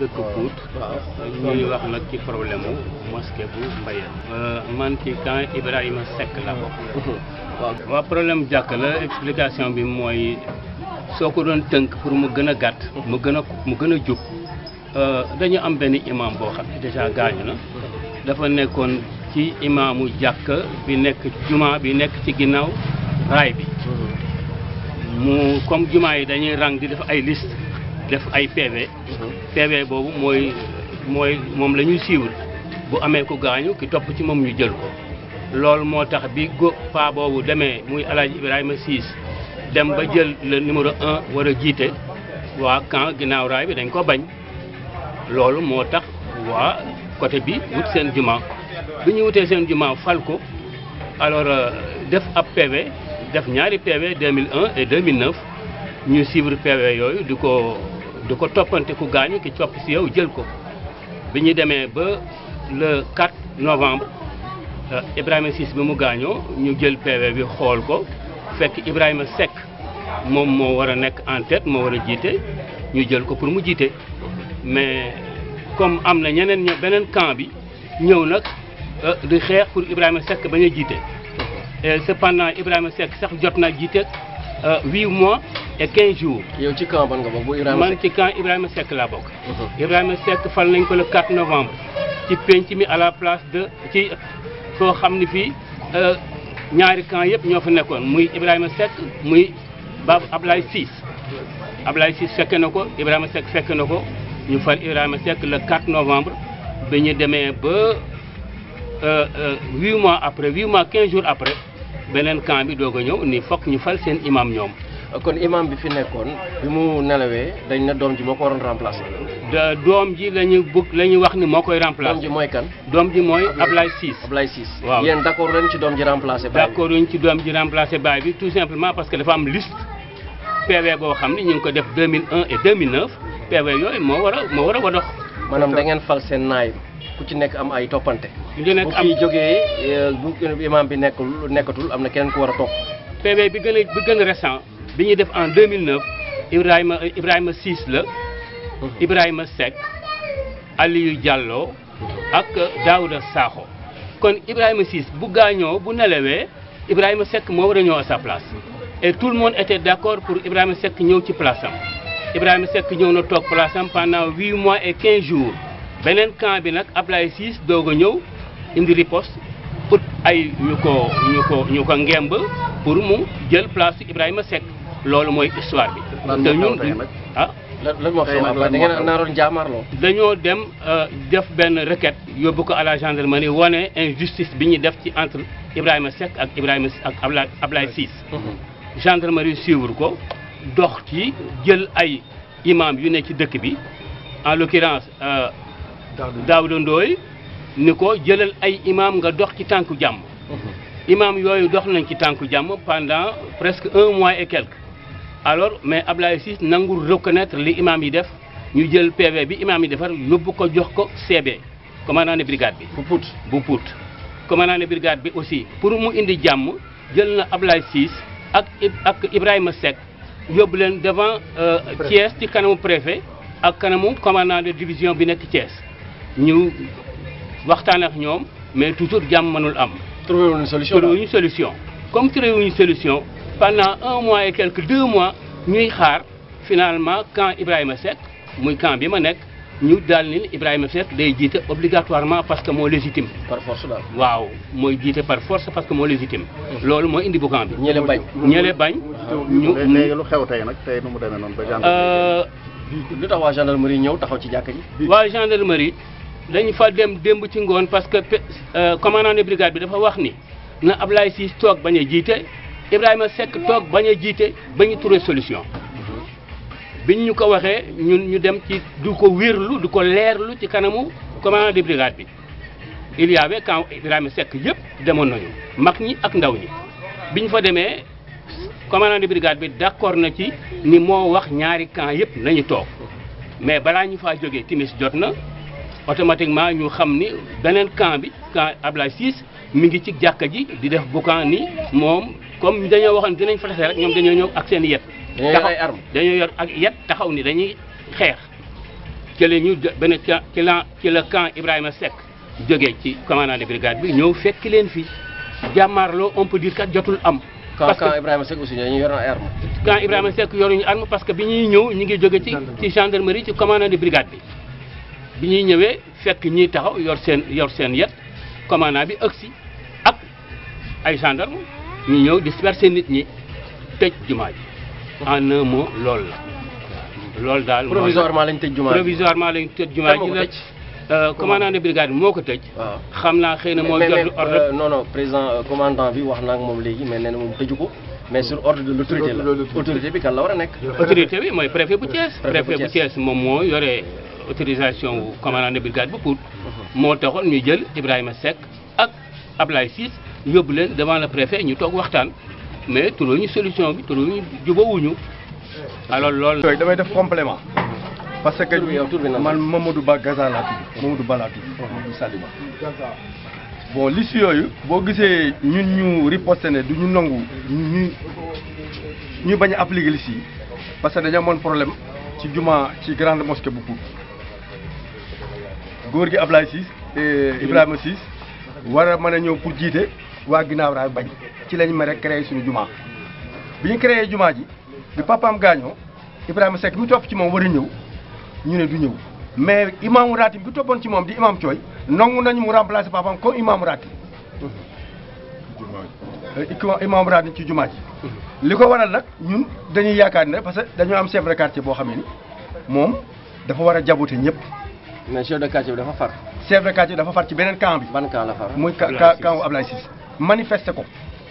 dëkk Pout. ñuy wax nag ci problème mu mosquée bu Mbayeen. Euh, man ci camp Ibrahima Seck la bokk. waaw waaw jàkk la explication bi mooy soo ko doon tënk pour mu gën a gàtt. mu gën a mu gën a jub. Euh, dañu am benn imam boo xam ne déjà gaañu na. dafa nekkoon ci imaamu jàkk bi nekk juma bi nekk ci ginnaaw raay bi. Mm-hmm. mu comme juma yi dañuy rang di def ay liste. def ay PV. Mhm. PV boobu mooy moom la ñuy suivre bu amee ku gaañu ki topp ci moom ñu jël ko. loolu moo tax bi go paa boobu demee muy El Hadj Ibrahima Ciss dem ba jël le numéro un war a jiite waa kan ginnaaw raay bi dañ ko bañ loolu moo tax waa côté bi wut seen jumaa bi ñu wutee seen jumaa fal ko alors euh, def ab PV def ñaari PV 2001 et 2009 ñu suivre PV yooyu du ko. du ko toppante ku gaañu ki copp si yow jël ko bi ñu demee ba le 4 novembre euh, Ibrahima Ciss bi mu gaañoo ñu jël PV bi xool ko fekk Ibrahima Seck moom moo war a nekk en tête moo war a jiite ñu jël ko pour mu jiite mais comme am na ñeneen ña beneen camp bi ñëw nag euh, di xeex pour Ibrahima Seck bañ a jiite et cependant Ibrahima Seck sax jot naa jiite Euh, huit mois et quinze jours. yow ci camp ban nga bokk bu Ibrahima Seck man ci camp Ibrahima Seck laa bokk. Uh-huh. Ibrahima Seck fal nañ ko le 4 novembre. ci penc mi à la place de ci foo xam ne fii euh, ñaari camp yëpp ñoo fa nekkoon muy Ibrahima Seck muy Bab Ablaye Ciss. Ablaye Ciss fekke na ko Ibrahima Seck fekke na ko ñu fal Ibrahima sek le 4 novembre bi ñu demee ba euh, huit mois après huit mois quinze jours après. beneen camp bi doog a ñëw ni fokk ñu fal seen imam ñoom. kon imam bi fi nekkoon bi mu nelawee dañ ne doom ji moo ko waroon remplacer. da doom ji la ñu bëgg la ñu wax ni moo koy remplacer. doom ji mooy kan. doom ji mooy Ablaye Ciss. Ablaye waaw yéen d' accord leen ci doom ji remplacer. baay bi d' accord ñu ci doom ji remplacer baay bi tout simplement parce que dafa am liste PV boo xam ne ñu ngi ko def 2001 et 2009 PV yooyu moo war a moo war a wadox. maanaam da ngeen fal seen naay. ku ci nekk am ay toppante. bu fi jógee euh, bu imaam bi nekkul nekkatul am na keneen ku war a topp. PV bi gën a bi gën a récent bi ñuy def en 2009 Ibrahima Ibrahima Ciss la. Mhm. Ibrahima Seck Aliou Diallo ak Daouda Sakho kon Ibrahima Ciss bu gaañoo bu nelawee Ibrahima Seck moo war a ñëw à sa place et tout le monde était d'accord pour Ibrahima Seck ñëw ci place am Ibrahima Seck na toog place am huit mois et quinze jours. beneen camp bi nag Ablaye Ciss doog a ñëw indi riposte ut ay ñu ko ñu ko ngemb pour mu jël place Ibrahima Seck loolu mooy histoire bi. te ñun ah. lan dañoo dem euh, def benn requête yóbbu ko à la gendarmerie wane injustice bi ñuy def ci entre Ibrahima Seck ak Ibrahima ak Ablaye Ablaye Ciss. Mhm. gendarmerie suivre ko dox ci jël ay imam yu ne ci dëkk bi en l'occurrence euh, Daawda Ndooy ni ko jëlal ay imaam nga dox ci tànku jàmm mhm. imaam yooyu dox nañ ci tànku jàmm pendant presque un mois et quelque alors mais Ablaye Ciss nangul reconnaître li imaam yi def ñu jël PV bi imaam yi defar yóbbu ko jox ko CB commandant de brigade bi bu Pout bu Pout commandant de brigade bi aussi pour mu indi jàmm jël na Ablaye Ciss ak ak Ibrahima Seck yóbbu leen devant euh, Thiès ci kanamu préfet ak kanamu commandant de division bi nekk Thiès ñëw waxtaan ak ñoom mais toujours jàmm mënul am. trouvé wuñu solution trouvé wuñu solution. comme trouvé wuñu solution pendant un mois et quelques deux mois ñuy xaar finalement quand Ibrahima Seck muy camp bi ma nekk ñu daal ni Ibrahima Seck day jiite obligatoirement parce que moo légitime. par force daal waaw mooy jiite par force parce que moo légitime. loolu moo indi bu camp bi. ñële bañ ñële bañ. ñu lu xew tey nag tey nu mu demee noonu ba gendarmerie. Euh, lu tax ñëw taxaw ci jàkka ji. waa gendarmerie. dañu fa dem démb ci ngoon parce que euh, commandant de brigade bi dafa wax ni na Ablaye Ciss toog bañ jiite Ibrahima sekk toog bañ a jiite ba ñu trouver solution biñ ñu ko waxee ñun ñu dem ci du ko wérlu du ko leerlu ci kanamu commandant de bi il y avait quand Ibrahima sekk yëpp demoon nañu mag ñi ak ndaw ñi ñu fa demee commandant de brigade bi d'accord na ci ni moo wax ñaari camp yëpp nañu toog mais balaa ñu faa jógee timis jot na automatiquement ñu xam ni beneen camp bi ab Ablaye Ciss mi ngi ci jàkka ji di def boucan ni moom comme dañoo waxoon dinañ fa tase rek ñoom dañoo ñëw ak seen yet taxaw dañoo yor ak yet taxaw ni dañuy xeex ci la ñu benn ci la ci la camp Ibrahima Seck jógee ci commandant de brigade bi ñëw fekk leen fii jàmmaarloo on peut dire kat jotul am parce que quand Ibrahima Seck aussi dañuy yor yoruñu arme parce que bi ñuy ñëw ñu ngi jóge ci ci gendarmerie ci commandant de brigade bi. bi ñuy ñëwee fekk ñiy taxaw yor seen yor seen yet commandant bi agsi ak ay gendarme ñu ñëw disperser nit ñi tëj jumaa ji en un mot loolu la loolu daal provisoirement lañ tëj jumaa ji provisoirement lañ tëj jumaa ji la euh, commandant de brigade moo ko tëj. waaw ah. xam naa xëy na moo jot ordre euh, non non président euh, commandant bi wax naa moom léegi mais nee na moom tëju mais sur ordre de l' la bi kan la war a nekk. autorité bi mooy préfet bu Thiès. préfet bu Thiès moom moo yore. autorisation wu commandant de brigade bu Pout moo taxoon ñu jël Ibrahima Seck ak Ablaye Ciss yóbbu leen devant le préfet ñu toog waxtaan mais trouvé ñu solution bi trouvé ñu jubawuñu alors loolu. yooyu damay def complément parce que man Mamadou Ba Gaza laa tudd Mamadou Ba laa tudd Mamadou Saliba bon li yooyu boo gisee ñun ñu riposté ne du ñu nangu ñu ñu bañ a appliquer li parce que dañoo amoon problème ci juma ci grande mosquée bu Pout góor gi Ablaye Ciss eh, Ibrahima Ciss war a mën a ñëw pour jiite waa ginnaaw raay bañ ci lañ mën a suñu jumaa bi ñu créé jumaa ji bi papaam gaañoo Ibrahima Seck bi topp ci moom war a ñëw ñu ne du ñëw mais imaamu ratim bi toppoon ci moom di imaam Cooy nangu nañu mu remplacer papaam comme imaamu ratim euh, imaamu ratim ci jumaa ji li ko waral nag ñun dañuy yaakaar ne parce que dañoo am chef quartier boo xam ne ni moom dafa war a jaboote ñëpp mais chef de quartier bi dafa far. chef de quartier bi dafa far ci beneen camp bi. ban camp la far muy camp camp Ablaye Cissé manifester ko.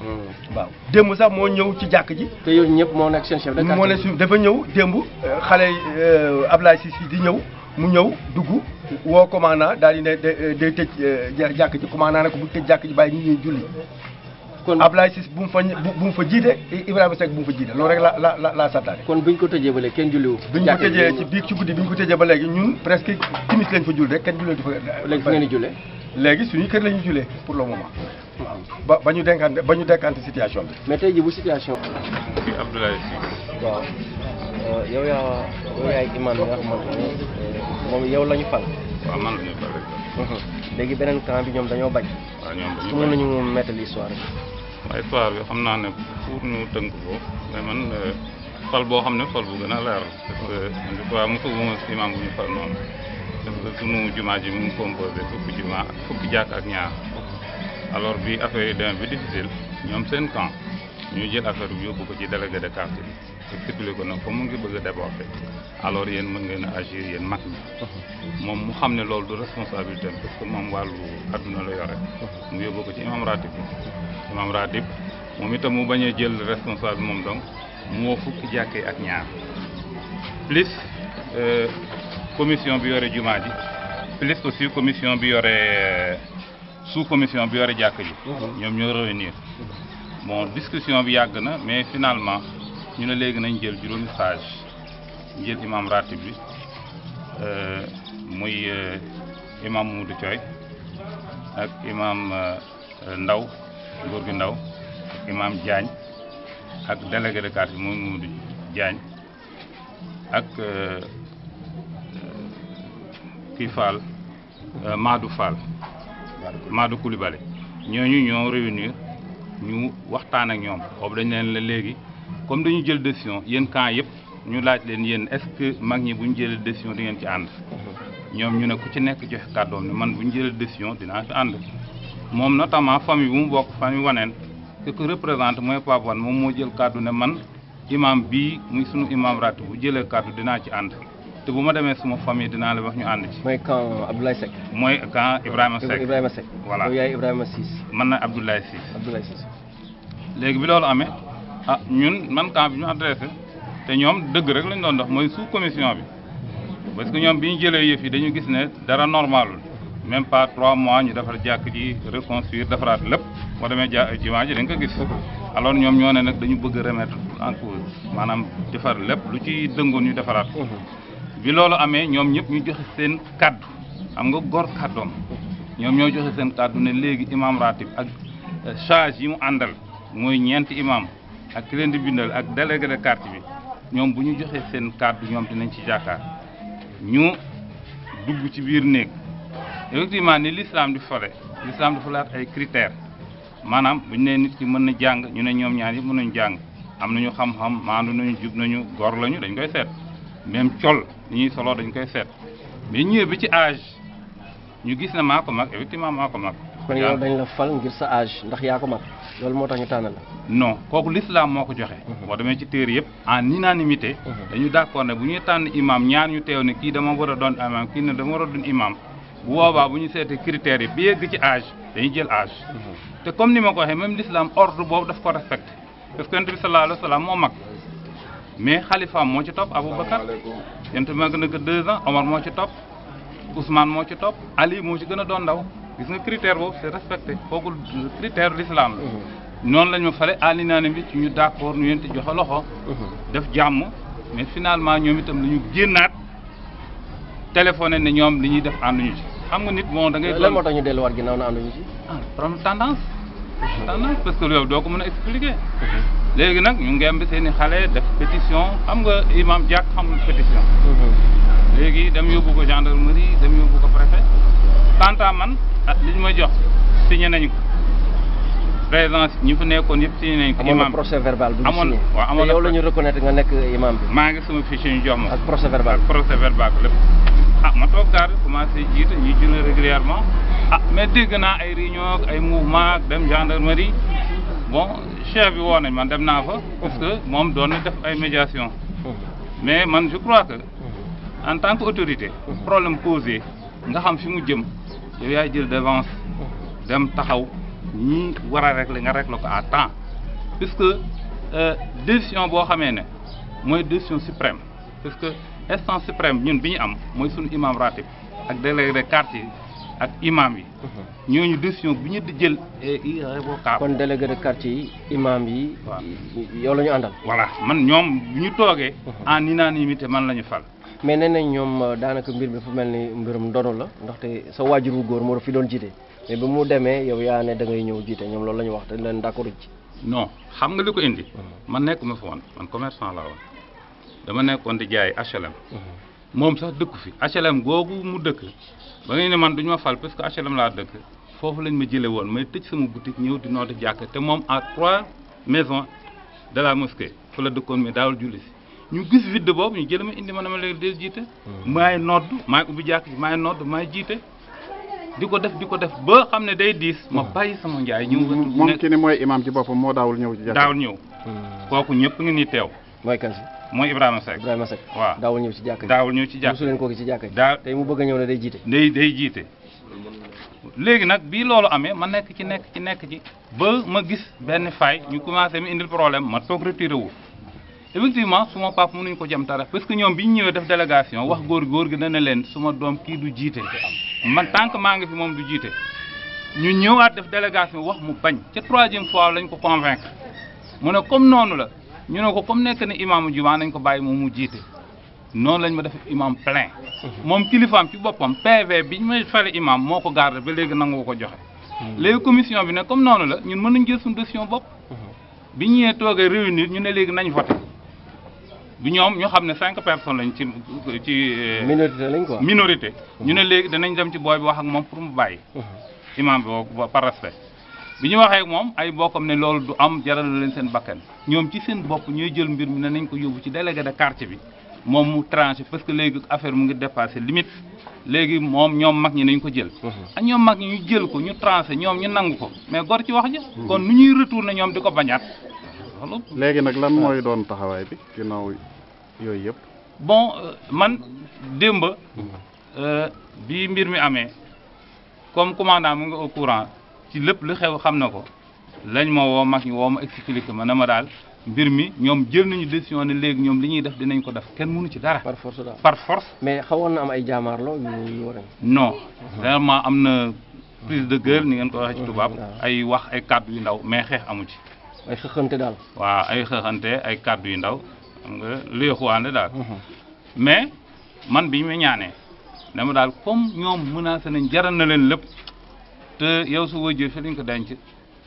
Hmm. waaw démb sax moo ñëw ci jàkk ji. te yooyu ñëpp moo nekk seen chef de quartier moo ne su dafa ñëw démb euh, xale euh, Ablaye Cissé di ñëw mu ñëw dugg woo commandant daal di ne euh, day tëj jàkk ji commandant ne ko bu tëj jàkk ji bàyyi nit ñi julli. kon Ablaye Ciss bu mu fa bu fa jiite Ibrahima Seck bu mu fa jiite loolu rek la la laa santaane. kon buñ ko tëjee ba léegi kenn julliwu. bi ñu ko tëjee ci ko tëjee ba léegi ñun presque timis lañ fa jull rek kenn jullee du fa. léegi fu ngeen di jullee. léegi suñu kër la ñuy pour le moment. waaw ba ba ñu dénkante ba ñu dénkante situation bi. mais ji jii bu situation. kii Abdoulaye Ciss. waaw euh, yow yaa yow yaay imaam bi nga xamante ne euh, moom yow la ñu fal. waaw man la ñu léegi beneen camp bi ñoom dañoo bañ. waaw ñoom dañoo bañ su mën histoire bi xam naa ne pour ñu tënk ko mais man fal euh, boo xam ne fal bu gën a leer parce que histoire mosu bu ma imaam fal noonu parce jumaa ji mu ngi composé fukki jumaa fukki jàkk ak ñaar alors bi affaire yi bi difficile ñoom seen camp ñu jël affaire bi yóbbu ko ci délégué de quartier bi expliqué ko nag ko mu ngi bëgg a déborder alors yéen mën ngeen a agir yéen mag ñi uh-huh. moom mu xam ne loolu du responsabilité parce que moom wàllu adduna la yore uh-huh. mu yóbbu ko ci imam ratib bi imam moom itam mu bañ jël responsable moom donc moo fukki jàkkee ak ñaar plus euh, commission bi yore jumaa ji plus aussi commission bi yore euh, sous commission bi yore jàkk ji uh-huh. ñoom ñoo réunir bon discussion bi yàgg na mais finalement ñu ne léegi nañ jël juróomi sage jël imam ratib bi euh, muy euh, imam Moudou Thioy ak imam euh, Ndaw góor gi Ndaw imam Diagne ak délégué de quartier muy Moudou Diagne ak kii Fall Madou Fall Madou Koulibaly ñooñu ñoo réunir ñu waxtaan ak ñoom boobu dañ leen la léegi comme dañu jël décision yéen camp yëpp ñu laaj leen yéen est-ce que mag ñi bu ñu jëlee décision di ngeen ci ànd ñoom ñu ne ku ci nekk joxe kàddoom ne man bu ñu jëlee décision dinaa ci ànd moom notamment famille bu mu bokk famille waneen ce que représente mooy Pape moom moo jël kàddu ne man imam bii ngi sunu imam ratib bu jëlee kàddu dinaa ci ànd te bu ma demee suma famille dinaa la wax ñu ànd ci. mooy camp Abdoulaye Seck. mooy camp Ibrahima Seck Ibrahima Seck. voilà yow yaay Ibrahima man na Abdoulaye Cissé. Abdoulaye Cissé. léegi bi loolu amee ah ñun man camp bi ñu adressé te ñoom dëgg rek lañ doon dox mooy su commission bi parce que ñoom bi ñu jëlee yëf yi dañu gis ne dara normalul même pas trois mois ñu defar jàkk ji reconstruire defaraat lépp boo demee ja jumaa ji dañ ko gis alors ñoom ñoo ne nag dañu bëgg remet en cause maanaam defar lépp lu ci dëngoon ñu defaraat bi loolu amee ñoom ñëpp ñu joxe seen kàddu xam nga gor kàddoom ñoom ñoo joxe seen kàddu ne léegi imam ratib ak euh, charge yi mu àndal mooy ñeenti imam ak ki leen di bindal ak délégué de quartier bi ñoom bu ñu joxee seen kàddu ñoom dinañ ci jàkkaar ñu dugg ci biir néeg effectivement ni l'islam di fole l'islam dafa laat ay critères maanaam bu ñu nee nit ki mën na jàng ñu ne ñoom ñaar yëpp mën nañu jàng am nañu xam-xam maandu nañu jub nañu gor lañu dañ koy seet même col ni ñuy soloo dañ koy seet mais ñëwee bi ci âge ñu gis ne maa ko mag effectivement maa ko mag. kon yow dañ la fal ngir sa âge ndax yaa ko mag loolu moo tax ñu tànn la. non kooku lislaam moo ko joxe. Mhm. boo demee ci téere yëpp en unanimité mhm. dañu d'accord ne bu ñuy tànn imam ñaar ñu teew ne kii dama war a doon imam kii ne dama war a doon imam bu boobaa bu ñu seetee critères yi bi yegg ci âge dañuy jël âge. Mhm. te comme ni ma ko waxee même l'islam ordre boobu daf ko respecté parce que yonent bi moo mag. mais xalifaam moo ci topp Aboubacar yonent bi maa gën a gën deux ans Omar moo ci topp Ousmane moo ci topp Ali moo ci gën a doon ndaw gis nga critère boobu c'est respecté foogul critère l'islam la mhm. noonu lañ ma fare ne bi ci ñu d'accord ñu yenti joxe loxo mhm. def jàmm mais finalement ñoom itam lu ñu génnaat téléphoné ne ñoom li ñuy def ànduñu ci xam nga nit bon da ngay lan moo tax ñu ci ah tendance tendance parce que loolu doo ko mën a expliquer mhm. léegi nag ñu ngemb seen i xale def pétition xam nga imam jàkk xamul pétition mhm. léegi dem yóbbu ko gendarmerie dem yóbbu ko préfet tanta man ah li ñu ma jox signé nañu ko présidence ñi fa nekkoon yëpp signé nañu ko imam amoon procès verbal bu ñu signé waaw amoon la ñu reconnaître nga nekk imam bi maa ngi sama fichier ñu jox ma ak procès verbal ak procès verbal lépp ah ma toog daal commencé ñi ñuy julli régulièrement a ah, mais dégg naa ay réunion ak ay mouvement ak dem gendarmerie bon chef bi woo nañ man dem naa fa parce que moom doon na def ay médiation mais man je crois que en tant que autorité problème posé nga xam fi mu jëm yow yaa jël devance dem taxaw ñi war a régler nga régler ko à temps puisque euh, décision boo xamee ne mooy décision suprême parce que instance suprême ñun bi ñu am mooy sunu imam ratib ak délégué de quartier ak imam yi. Mhm. ñooñu décision bu ñu di jël eh, irrévocable. Ah, ah. kon délégué de quartier yi imam yi. waaw yow la ñu àndal. voilà man ñoom bu ñu toogee. Mhm. en unanimité man la ñu fal. mais nee nañ ñoom euh, daanaka mbir bi fu mel ni mbirum ndono la ndaxte sa waajur wu góor moo fi doon jiite mais bi mu demee yow yaa ne da ñëw jiite ñoom loolu la ñu wax te leen d'accord ci. non xam nga li ko indi. Mhm. man nekkuma fa woon man commerçant laa woon dama nekkoon di jaay HLM. moom sax dëkku fi HLM googu mu dëkk ba nga ne man duñu ma fal parce que HLM laa dëkk foofu lañ ma jële woon may tëj sama boutique ñëw di noote jàkk te moom a trois maisons de la mosquée fa la dëkkoon mais daawul julli si ñu gis vidde boobu ñu jële ma indi ma ne ma léegi del jiite hmm. maay nodd maay ubbi jàkk ji maay nodd maay jiite di ko def di ko def ba xam ne day diis ma hmm. bàyyi sama njaay ñëw moom ki boppam moo daawul ñëw ci jàkk daawul ñëw hmm. kooku ñëpp ngi ni teew mooy mooy Ibrahima Seck Ibrahima Seck waaw daawul ñëw ci jàkka ji daawul ñëw ci jàkka ji mosu leen daa tey mu bëgg ñëw ne day jiite day day jiite léegi nag bii loolu amee ma nekk ci nekk ci nekk ci ba ma gis benn faay ñu commencé mi indil problème ma toog retiré wu effectivement su ma pap mënuñu ko jam dara parce que ñoom bi ñu ñëwee def délégation wax góor góor gi dana leen suma doom kii du jiite man tant que maa ngi fi moom du jiite ñu ñëwaat def délégation wax mu bañ ca troisième fois lañ ko convaincre ñu ne ko comme nekk na imaamu juma nañ ko bàyyi moom mu jiite noonu lañ ma def imaam plein moom kilifaam ci boppam PV bi ñu may fale imaam moo ko garde ba léegi nangu ko joxe hmm. léegi commission bi ne comme noonu la ñun mën nañ jël suñu décision bopp hmm. bi ñu ñëwee toogee réunir ñu ne léegi nañu voté bi ñoom ñu xam ne cinq personne lañ ci ci euh, minorité lañ quoi minorité ñu ne hmm. léegi danañ dem ci booy bi wax ak moom pour mu bàyyi imaam bi par respect bi ñu waxee moom ay bokkam ne loolu du am jaral leen seen bakkan ñoom ci seen bopp ñooy jël mbir mi ne nañ ko yóbbu ci délégué de quartier bi moom mu tranché parce que léegi affaire mu ngi dépassé limit léegi moom ñoom mag ñi nañ ko jël mhm. ak ah, ñoom mag ñi ñu jël ko ñu tranché ñoom ñu nangu ko mais gor ci wax ja mhm. kon nu ñuy retourné ñoom di ko bañaat léegi nag lan mooy doon taxawaay bi ginnaaw yooyu yëpp bon euh, man démb mhm. euh, bi mbir mi amee comme commandant mu ngi au ci lépp lu xew xam na ko lañ ma woo mag ñi woo ma expliqué ma na ma daal mbir mi ñoom jël nañu décision ne léegi ñoom li ñuy def dinañ ko def kenn mënu ci dara. par force par force. mais xawoon na am ay jaamaarloo yu war non vraiment am na prise de guerre ni ngeen ko waxee ci tubaab. ay wax ay kàddu yu ndaw mais xeex amu ci. ay xëxante daal. waa ay xëxante ay kàddu yu ndaw xam nga luy xuwaande daal. Mhm. mais man bi ñu ma ñaanee dama daal comme ñoom menacé nañ jaral na leen lépp. te yow su wajjee fi lañ ko denc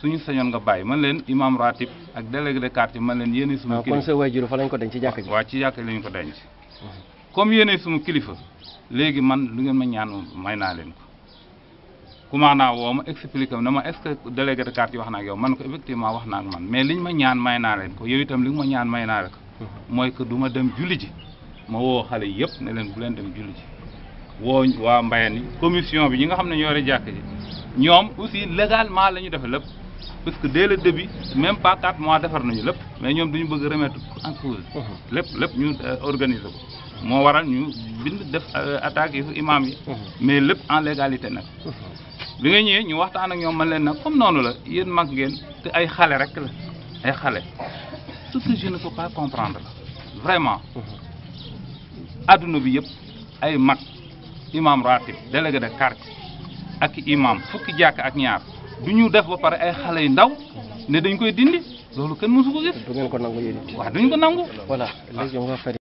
suñu sañoon nga bàyyi man leen imam ratib ak délégué de quartier man leen yéene suma kilifa kon sa wajjur fa lañ ko denc ci jàkk ji waaw ci jàkk ko denc mhm. comme yéene suma kilifa léegi man lu ngeen ma ñaan may naa leen ko kumaanaa woo ma expliqué na ma est-ce que délégué de wax na ak yow man ko effectivement wax na man mais liñ ma ñaan may naa leen ko yow itam li nga ma ñaan may naa leen ko mhm. mooy que du ma dem julli ji ma woo xale yëpp ne leen bu leen dem julli ji woo waa mbayeen yi commission bi ñi nga xam ne ñoo yore jàkk ji ñoom aussi légalement la ñu defee lépp parce que dès le début même pas 4 mois defar nañu lépp mais ñoom duñu bëgg remettre en cause mhm. lépp lépp ñu euh, organiser ko moo waral ñu bind def euh, attaque yi fu imaam yi mhm. mais lépp en légalité nag mhm. bi nga ñëwee ñu waxtaan ak ñoom man leen nag comme noonu la yéen mag ngeen te ay xale rek ay xale tout ce que je ne peux pas comprendre vraiment adduna bi yëpp ay mag imam ratib délégué de quartier ak imam fukki jàkk ak ñaar du ñu def ba pare ay xale yu ndaw ne dañ koy dindi loolu kenn mësu ko gis. du ngeen ko nangu yéen waaw duñ ko nangu voilà.